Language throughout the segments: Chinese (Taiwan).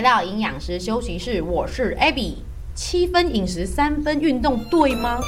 來到營養師休息室，我是 Abby。七分飲食，三分運動，對嗎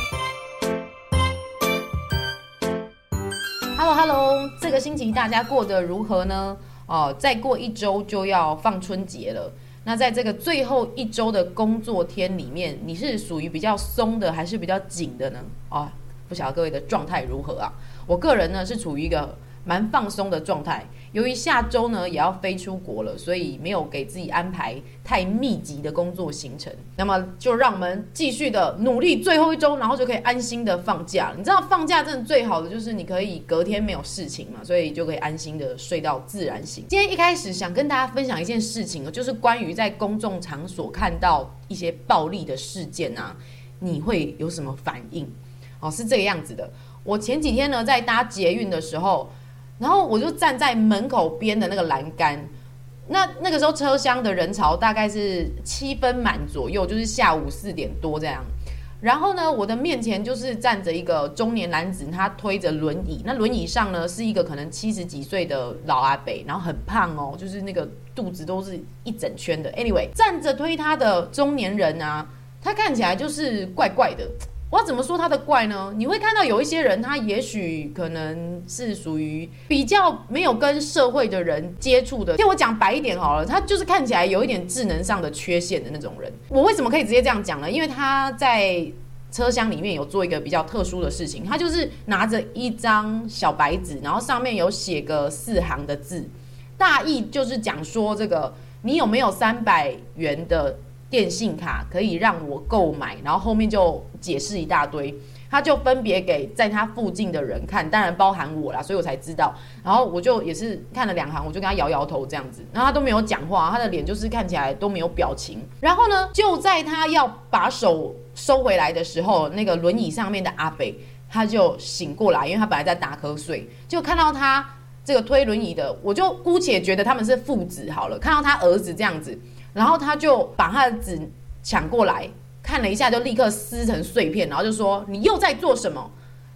？Hello Hello，這個星期大家過得如何呢？哦，再過一周就要放春節了。那在這個最後一周的工作天裡面，你是屬於比較鬆的，還是比較緊的呢？哦，不曉得各位的狀態如何啊？我個人呢是處於一個蠻放鬆的狀態。由於下週呢也要飛出國了，所以沒有給自己安排太密集的工作行程。那麼就讓我們繼續的努力，最後一周，然後就可以安心的放假了。你知道放假真的最好的就是你可以隔天沒有事情嘛，所以就可以安心的睡到自然醒。今天一開始想跟大家分享一件事情就是關於在公眾場所看到一些暴力的事件啊，你會有什麼反應？哦，是這個樣子的。我前幾天呢在搭捷運的時候。然後我就站在門口邊的那個欄杆，那那個時候車廂的人潮大概是七分滿左右，就是下午四點多這樣。然後呢，我的面前就是站着一個中年男子，他推着輪椅，那輪椅上呢是一個可能七十幾歲的老阿伯，然後很胖哦，就是那個肚子都是一整圈的。Anyway，站着推他的中年人啊，他看起來就是怪怪的。我要怎麼說他的怪呢？你會看到有一些人，他也許可能是屬於比較沒有跟社會的人接觸的。聽我講白一點好了，他就是看起來有一點智能上的缺陷的那種人。我為什麼可以直接這樣講呢？因為他在車廂裡面有做一個比較特殊的事情，他就是拿着一張小白紙，然後上面有寫個四行的字，大意就是講說，這個你有沒有三百元的？電信卡可以讓我購買，然後後面就解釋一大堆，他就分別給在他附近的人看，當然包含我啦，所以我才知道。然後我就也是看了兩行，我就跟他搖搖頭這樣子，然後他都沒有講話，他的臉就是看起來都沒有表情。然後呢，就在他要把手收回來的時候，那個輪椅上面的阿北他就醒過來，因為他本來在打瞌睡，就看到他這個推輪椅的，我就姑且覺得他們是父子好了，看到他兒子這樣子。然後他就把他的紙搶過來，看了一下，就立刻撕成碎片。然後就說：“你又在做什麼？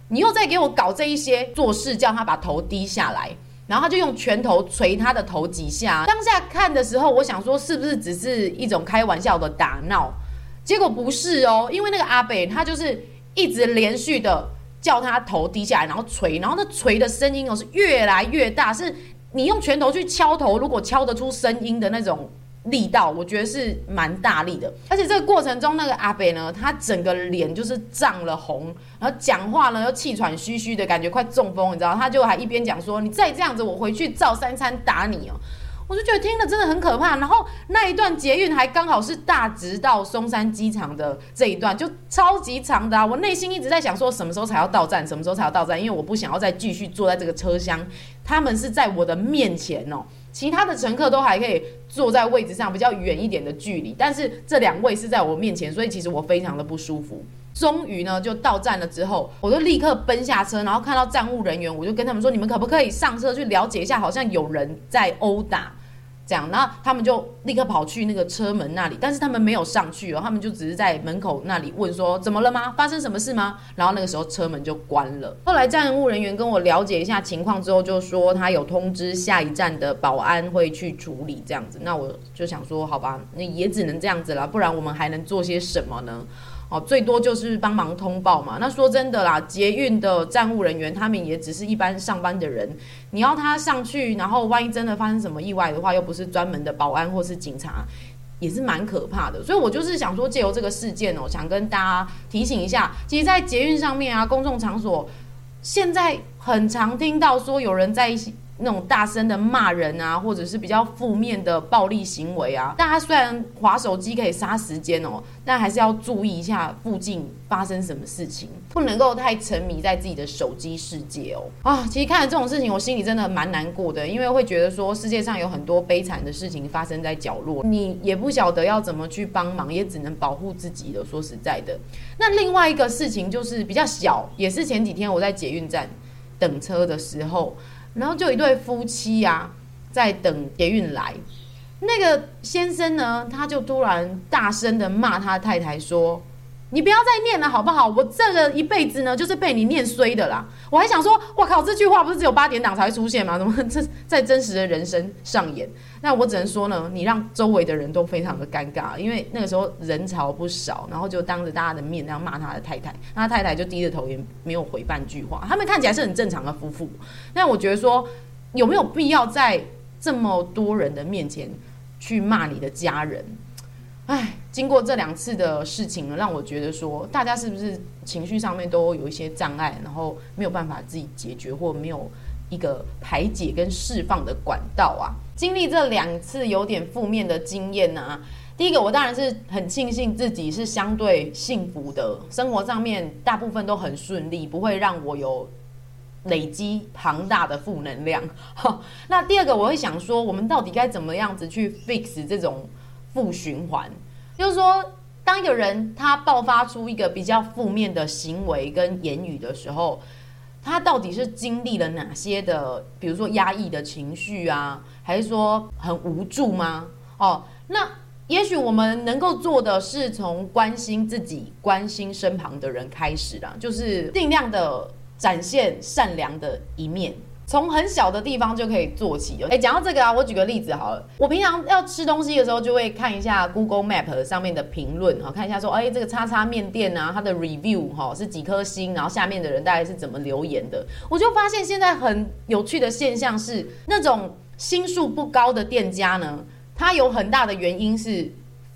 你又在給我搞這一些做事，叫他把頭低下來。”然後他就用拳頭捶他的頭幾下。當下看的時候，我想說是不是只是一種開玩笑的打鬧？結果不是哦，因為那個阿北他就是一直連續的叫他頭低下來，然後捶，然後那捶的聲音哦是越來越大，是你用拳頭去敲頭，如果敲得出聲音的那種。力道，我覺得是蠻大力的，而且這個過程中，那個阿北呢，他整個臉就是漲了紅，然後講話呢又氣喘吁吁的感覺，快中風，你知道？他就還一邊講說：“你再這樣子，我回去照三餐打你哦。”我就覺得聽了真的很可怕。然後那一段捷運還剛好是大直到松山機場的這一段，就超級長的啊！我內心一直在想說，什麼時候才要到站？什麼時候才要到站？因為我不想要再繼續坐在這個車廂。他們是在我的面前哦。其他的乘客都還可以坐在位置上，比較遠一點的距離，但是這兩位是在我面前，所以其實我非常的不舒服。終於呢，就到站了之後，我就立刻奔下車，然後看到站務人員，我就跟他們說：“你們可不可以上車去了解一下，好像有人在毆打。”這樣，然後他們就立刻跑去那個車門那裡，但是他們沒有上去哦，他們就只是在門口那裡問說，怎麼了嗎？發生什麼事嗎？然後那個時候車門就關了。後來站務人員跟我了解一下情況之後，就說他有通知下一站的保安會去處理這樣子。那我就想說，好吧，那也只能這樣子了，不然我們還能做些什麼呢？哦，最多就是幫忙通報嘛。那說真的啦，捷運的站務人員他們也只是一般上班的人，你要他上去，然後萬一真的發生什麼意外的話，又不是專門的保安或是警察，也是蠻可怕的。所以我就是想說，借由這個事件哦，想跟大家提醒一下，其實在捷運上面啊，公眾場所現在很常聽到說有人在。那種大聲的罵人啊，或者是比較負面的暴力行為啊。大家雖然滑手機可以殺時間哦，但還是要注意一下附近發生什麼事情，不能夠太沉迷在自己的手機世界哦。啊，其實看了這種事情，我心裡真的蠻難過的，因為會覺得說世界上有很多悲慘的事情發生在角落，你也不曉得要怎麼去幫忙，也只能保護自己了。說實在的，那另外一個事情就是比較小，也是前幾天我在捷運站等車的時候。.然後就一對夫妻啊，在等捷運來，那個先生呢，他就突然大聲地罵他的太太說，你不要再念了，好不好？我這個一輩子呢，就是被你念衰的啦。我還想說，我靠，這句話不是只有八點檔才會出現嗎？怎麼這在真實的人生上演？那我只能說呢，你讓周圍的人都非常的尷尬，因為那個時候人潮不少，然後就當着大家的面那樣罵他的太太，那他太太就低着頭也沒有回半句話。他們看起來是很正常的夫婦，那我覺得說有沒有必要在這麼多人的面前去罵你的家人？唉。經過這兩次的事情呢，讓我覺得說，大家是不是情緒上面都有一些障礙，然後沒有辦法自己解決，或沒有一個排解跟釋放的管道啊？經歷這兩次有點負面的經驗呢，啊，第一個我當然是很慶幸自己是相對幸福的，生活上面大部分都很順利，不會讓我有累積龐大的負能量。呵，那第二個我會想說，我們到底該怎麼樣子去 fix 這種負循環？就是說，當一個人他爆發出一個比較負面的行為跟言語的時候，他到底是經歷了哪些的，比如說壓抑的情緒啊，還是說很無助嗎？哦，那也許我們能夠做的是從關心自己、關心身旁的人開始啦，就是盡量的展現善良的一面。從很小的地方就可以做起哦。哎，講到這個啊，我舉個例子好了。我平常要吃東西的時候，就會看一下 Google Map 上面的評論，好看一下說，哎，這個叉叉麵店啊，它的 review 哈是幾顆星，然後下面的人大概是怎麼留言的。我就發現現在很有趣的現象是，那種星數不高的店家呢，它有很大的原因是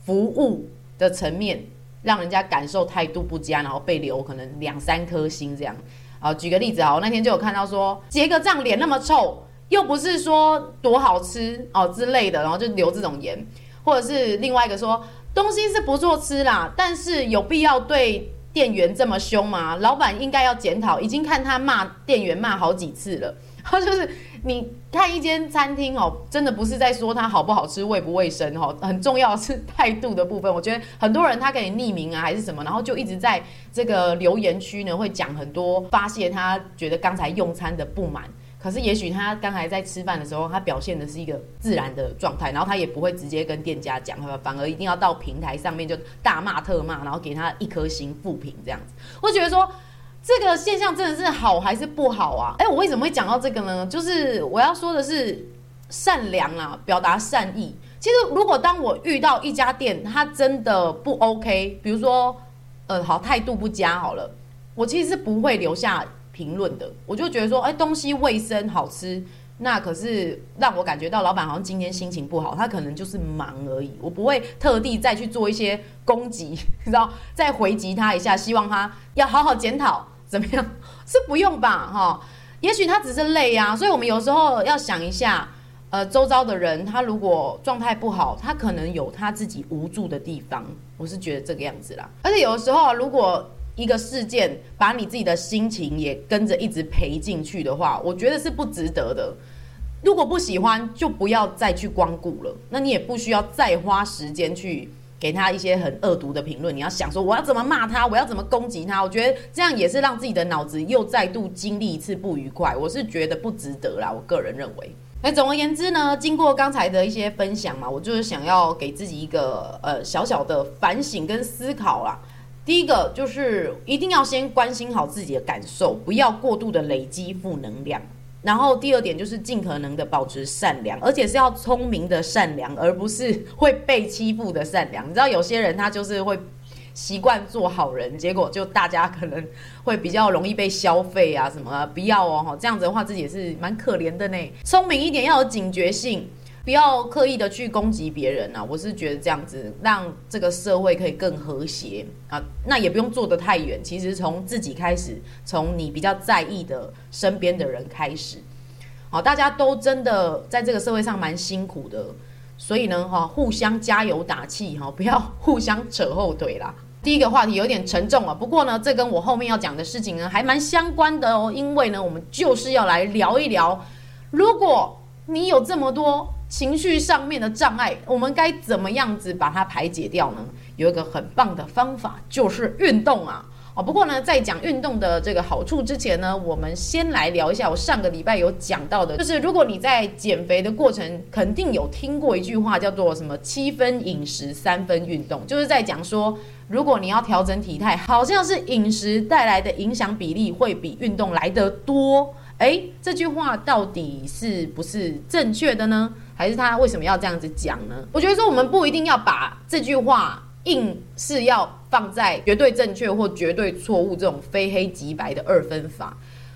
服務的層面讓人家感受態度不佳，然後被留可能兩三顆星這樣。好、哦，舉個例子啊，我那天就有看到說，結個賬臉那麼臭，又不是說多好吃哦，之類的，然後就留這種言，或者是另外一個說，東西是不錯吃啦，但是有必要對店員這麼凶嗎？老闆應該要檢討，已經看他罵店員罵好幾次了，他、哦、就是。你看一間餐廳哦、喔，真的不是在說它好不好吃、衛不衛生哦、喔，很重要的是態度的部分。我覺得很多人他可以匿名啊，還是什麼，然後就一直在這個留言區呢，會講很多發洩他覺得剛才用餐的不滿。可是也許他剛才在吃飯的時候，他表現的是一個自然的狀態，然後他也不會直接跟店家講，反而一定要到平台上面就大罵特罵，然後給他一顆星負評這樣子。我覺得說。這個現象真的是好還是不好啊？哎，我為什麼會講到這個呢？就是我要說的是善良啊，表達善意。其實如果當我遇到一家店，他真的不 OK，比如說，呃，好態度不佳，好了，我其實是不會留下評論的。我就覺得說，哎，東西衛生好吃。那可是讓我感覺到老闆好像今天心情不好，他可能就是忙而已。我不會特地再去做一些攻擊，你知道？再回擊他一下，希望他要好好檢討，怎麼樣？是不用吧，哈？也許他只是累呀、啊。所以，我們有時候要想一下，呃，週遭的人，他如果狀態不好，他可能有他自己無助的地方。我是覺得這個樣子啦。而且，有的時候如果一個事件把你自己的心情也跟着一直賠進去的話，我覺得是不值得的。如果不喜歡，就不要再去光顧了。那你也不需要再花時間去給他一些很惡毒的評論。你要想說，我要怎麼罵他，我要怎麼攻擊他？我覺得這樣也是讓自己的腦子又再度經歷一次不愉快。我是覺得不值得啦，我個人認為。哎，總而言之呢，經過剛才的一些分享嘛，我就是想要給自己一個呃小小的反省跟思考啦。第一個就是一定要先關心好自己的感受，不要過度的累積負能量。然後第二點就是盡可能的保持善良，而且是要聰明的善良，而不是會被欺負的善良。你知道有些人他就是會習慣做好人，結果就大家可能會比較容易被消費啊什麼。不要哦，這樣子的話自己也是蠻可憐的呢。聰明一點，要有警覺性。不要刻意的去攻擊別人啊！我是覺得這樣子讓這個社會可以更和諧啊。那也不用做得太遠，其實從自己開始，從你比較在意的身邊的人開始，好、啊，大家都真的在這個社會上蠻辛苦的，所以呢，哈、啊，互相加油打氣哈、啊，不要互相扯後腿啦。第一個話題有點沉重啊，不過呢，這跟我後面要講的事情呢，還蠻相關的哦，因為呢，我們就是要來聊一聊，如果你有這麼多。情緒上面的障礙，我們該怎麼樣子把它排解掉呢？有一個很棒的方法，就是運動啊！哦，不過呢，在講運動的這個好處之前呢，我們先來聊一下我上個禮拜有講到的，就是如果你在減肥的過程，肯定有聽過一句話叫做什麼“七分飲食三分運動”，就是在講說，如果你要調整體態，好像是飲食帶來的影響比例會比運動來得多。誒，這句話到底是不是正確的呢？還是他為什麼要這樣子講呢？我覺得說我們不一定要把這句話硬是要放在絕對正確或絕對錯誤這種非黑即白的二分法，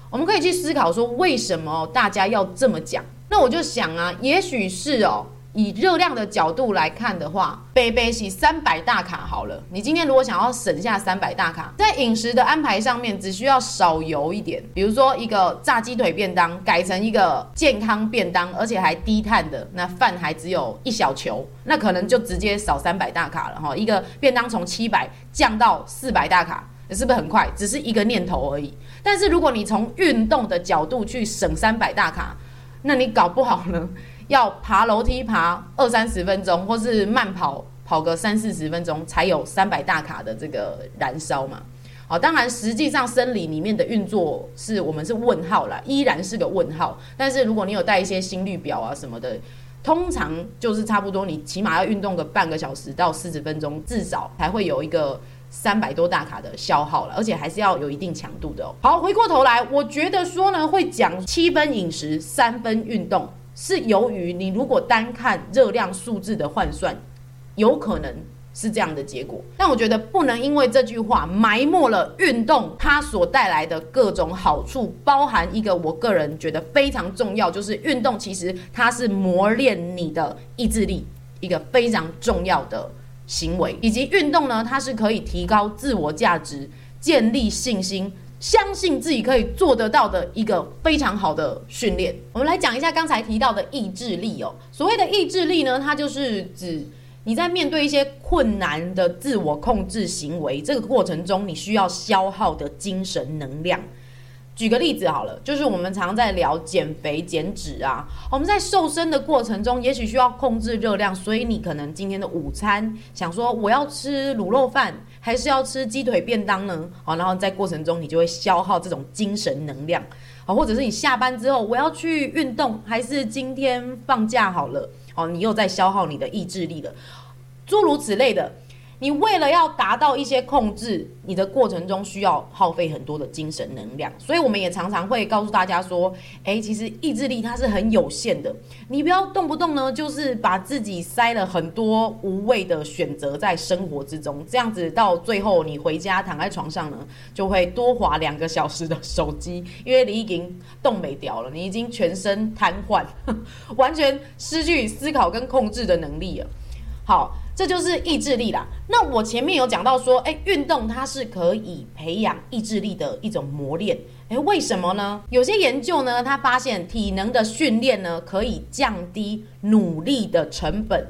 我們可以去思考說為什麼大家要這麼講？那我就想啊，也許是哦。以熱量的角度來看的話，貝貝是三百大卡好了。你今天如果想要省下三百大卡，在飲食的安排上面，只需要少油一點，比如說一個炸雞腿便當改成一個健康便當，而且還低碳的，那飯還只有一小球，那可能就直接少三百大卡了哈。一個便當從七百降到四百大卡，是不是很快？只是一個念頭而已。但是如果你從運動的角度去省三百大卡，那你搞不好呢？要爬樓梯爬二三十分鐘，或是慢跑跑個三四十分鐘，才有三百大卡的這個燃燒嘛。好，啊，當然實際上生理裡面的運作是我們是問號啦，依然是個問號。但是如果你有帶一些心率表啊什麼的，通常就是差不多，你起碼要運動個半個小時到四十分鐘，至少才會有一個三百多大卡的消耗了，而且還是要有一定強度的哦。好，回過頭來，我覺得說呢，會講七分飲食，三分運動。是由於你如果單看熱量數字的換算，有可能是這樣的結果。但我覺得不能因為這句話埋沒了運動它所帶來的各種好處，包含一個我個人覺得非常重要，就是運動其實它是磨練你的意志力，一個非常重要的行為，以及運動呢，它是可以提高自我價值、建立信心。相信自己可以做得到的一個非常好的訓練。我們來講一下剛才提到的意志力哦。所謂的意志力呢，它就是指你在面對一些困難的自我控制行為這個過程中，你需要消耗的精神能量。舉個例子好了，就是我們常在聊減肥減脂啊。我們在瘦身的過程中，也許需要控制熱量，所以你可能今天的午餐想說我要吃滷肉飯。還是要吃雞腿便當呢，好，然後在過程中你就會消耗這種精神能量，好，或者是你下班之後我要去運動，還是今天放假好了，哦，你又在消耗你的意志力了，諸如此類的。你為了要達到一些控制，你的過程中需要耗費很多的精神能量，所以我們也常常會告訴大家說，誒，其實意志力它是很有限的，你不要動不動呢，就是把自己塞了很多無謂的選擇在生活之中，這樣子到最後你回家躺在床上呢，就會多滑兩個小時的手機，因為你已經動沒掉了，你已經全身癱瘓，完全失去思考跟控制的能力了。好，這就是意志力啦。那我前面有講到說，誒，運動它是可以培養意志力的一種磨練。誒，為什麼呢？有些研究呢，他發現體能的訓練呢，可以降低努力的成本。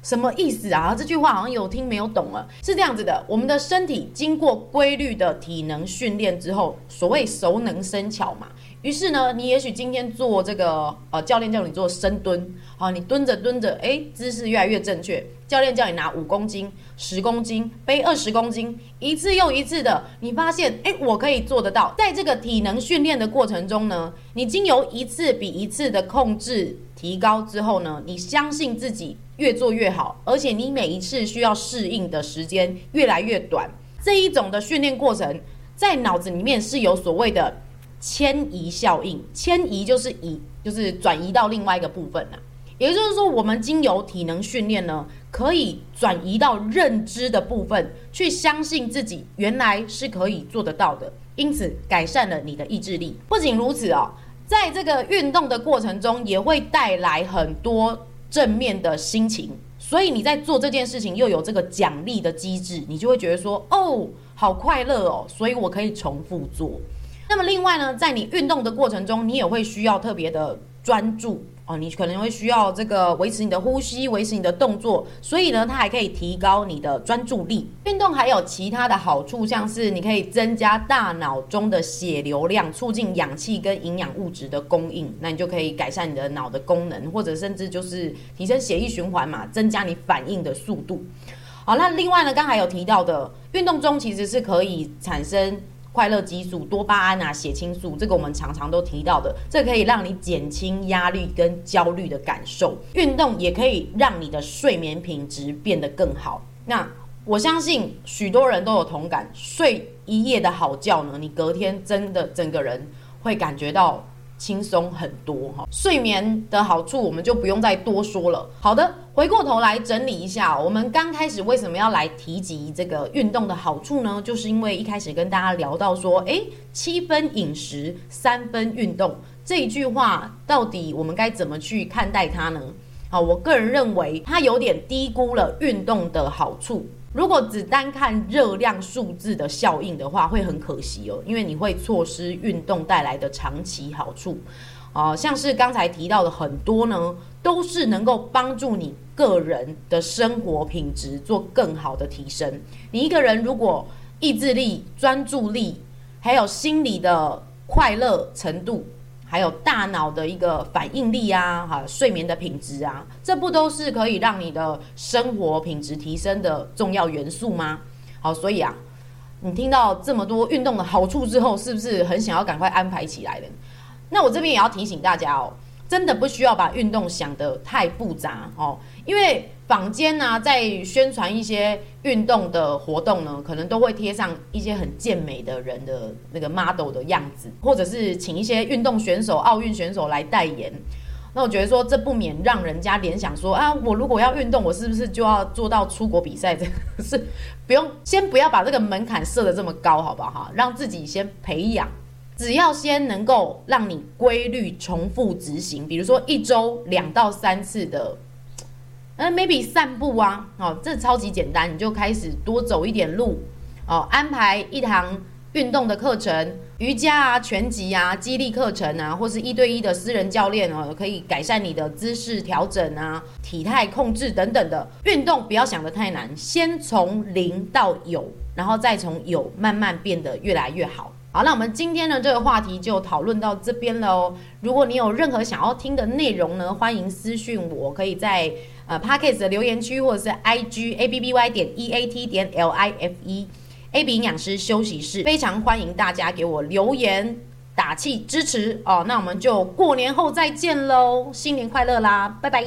什麼意思啊？這句話好像有聽沒有懂了。是這樣子的，我們的身體經過規律的體能訓練之後，所謂熟能生巧嘛。於是呢，你也許今天做這個，呃、啊，教練叫你做深蹲，好、啊，你蹲着蹲着，誒、欸，姿勢越來越正確。教練叫你拿五公斤、十公斤，背二十公斤，一次又一次的，你發現，誒、欸，我可以做得到。在這個體能訓練的過程中呢，你經由一次比一次的控制提高之後呢，你相信自己越做越好，而且你每一次需要適應的時間越來越短。這一種的訓練過程，在腦子裡面是有所謂的。遷移效應，遷移就是移，就是轉移到另外一個部分吶、啊，也就是說，我們經由體能訓練呢，可以轉移到認知的部分，去相信自己原來是可以做得到的，因此改善了你的意志力。不僅如此哦，在這個運動的過程中，也會帶來很多正面的心情，所以你在做這件事情又有這個獎勵的機制，你就會覺得說哦，好快樂哦，所以我可以重複做。那麼另外呢，在你運動的過程中，你也會需要特別的專注哦，你可能會需要這個維持你的呼吸，維持你的動作，所以呢，它還可以提高你的專注力。運動還有其他的好處，像是你可以增加大腦中的血流量，促進氧氣跟營養物質的供應，那你就可以改善你的腦的功能，或者甚至就是提升血液循環嘛，增加你反應的速度。好，哦，那另外呢，剛才有提到的，運動中其實是可以產生。快樂激素多巴胺啊，血清素，這個我們常常都提到的，這可以讓你減輕壓力跟焦慮的感受。運動也可以讓你的睡眠品質變得更好。那我相信許多人都有同感，睡一夜的好覺呢，你隔天真的整個人會感覺到。輕鬆很多哈，睡眠的好處我們就不用再多說了。好的，回過頭來整理一下，我們剛開始為什麼要來提及這個運動的好處呢？就是因為一開始跟大家聊到說，誒、欸，七分飲食，三分運動這一句話，到底我們該怎麼去看待它呢？好，我個人認為它有點低估了運動的好處。如果只單看熱量數字的效應的話，會很可惜哦，因為你會錯失運動帶來的長期好處。啊、呃，像是剛才提到的很多呢，都是能夠幫助你個人的生活品質做更好的提升。你一個人如果意志力、專注力，還有心理的快樂程度。還有大腦的一個反應力啊，哈、啊，睡眠的品質啊，這不都是可以讓你的生活品質提升的重要元素嗎？好，所以啊，你聽到這麼多運動的好處之後，是不是很想要趕快安排起來的？那我這邊也要提醒大家哦。真的不需要把運動想得太複雜哦，因為坊間呢、啊、在宣傳一些運動的活動呢，可能都會貼上一些很健美的人的那個 model 的樣子，或者是請一些運動選手、奧運選手來代言。那我覺得說，這不免讓人家聯想說啊，我如果要運動，我是不是就要做到出國比賽？這 是不用，先不要把這個門檻設得這麼高，好不好？哈，讓自己先培養。只要先能夠讓你規律重複執行，比如說一周兩到三次的，呃，maybe 散步啊，哦，這超級簡單，你就開始多走一點路哦，安排一堂運動的課程，瑜伽啊、拳擊啊、肌力課程啊，或是一對一的私人教練哦、啊，可以改善你的姿勢調整啊、體態控制等等的運動，不要想得太難，先從零到有，然後再從有慢慢變得越來越好。好，那我們今天的這個話題就討論到這邊了。如果你有任何想要聽的內容呢，歡迎私訊我，可以在呃 Podcast 的留言區或者是 IG A B B Y 點 E A T 點 L I F E A B 營養師休息室，非常歡迎大家給我留言打氣支持哦。那我們就過年後再見嘍，新年快樂啦，拜拜。